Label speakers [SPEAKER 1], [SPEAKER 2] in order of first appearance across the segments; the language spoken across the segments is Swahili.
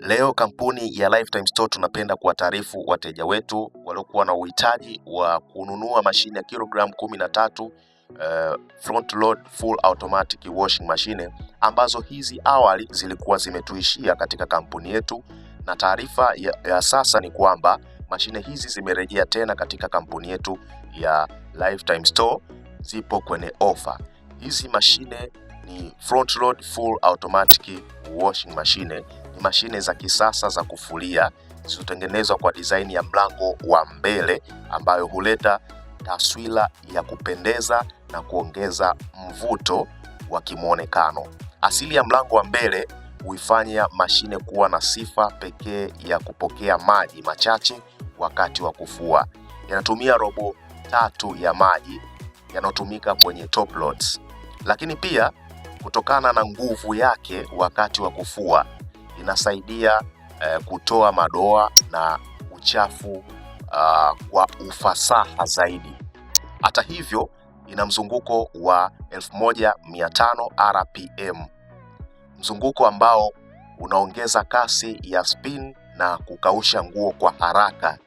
[SPEAKER 1] Leo kampuni ya Lifetime Store tunapenda kuwataarifu wateja wetu waliokuwa na uhitaji wa kununua mashine ya kilogramu 13 uh, eh, front load full automatic washing machine ambazo hizi awali zilikuwa zimetuishia katika kampuni yetu, na taarifa ya, ya sasa ni kwamba mashine hizi zimerejea tena katika kampuni yetu ya Lifetime Store, zipo kwenye offer. Hizi mashine ni front load full automatic washing machine ni mashine za kisasa za kufulia zilizotengenezwa kwa design ya mlango wa mbele ambayo huleta taswira ya kupendeza na kuongeza mvuto wa kimwonekano. Asili ya mlango wa mbele huifanya mashine kuwa na sifa pekee ya kupokea maji machache wakati wa kufua. Yanatumia robo tatu ya maji yanayotumika kwenye top loads. Lakini pia kutokana na nguvu yake wakati wa kufua inasaidia eh, kutoa madoa na uchafu uh, kwa ufasaha zaidi. Hata hivyo ina mzunguko wa 1500 RPM, mzunguko ambao unaongeza kasi ya spin na kukausha nguo kwa haraka.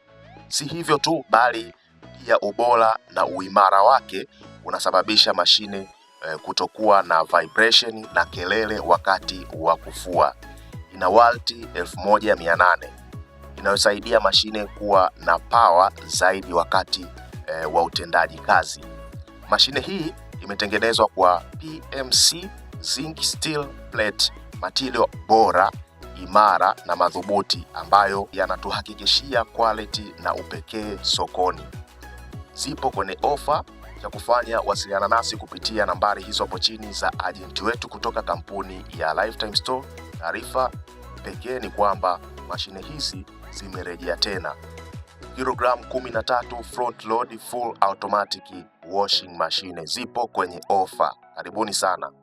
[SPEAKER 1] Si hivyo tu, bali pia ubora na uimara wake unasababisha mashine eh, kutokuwa na vibration na kelele wakati wa kufua ina walti 1800 inayosaidia mashine kuwa na pawa zaidi wakati e, wa utendaji kazi. Mashine hii imetengenezwa kwa PMC zinc steel plate, matilio bora, imara na madhubuti ambayo yanatuhakikishia quality na upekee sokoni. Zipo kwenye ofa ya kufanya. Wasiliana nasi kupitia nambari hizo hapo chini za ajenti wetu kutoka kampuni ya Lifetime Store. Taarifa pekee ni kwamba mashine hizi zimerejea tena. Kilogram 13 front load full automatic washing machine zipo kwenye ofa. Karibuni sana.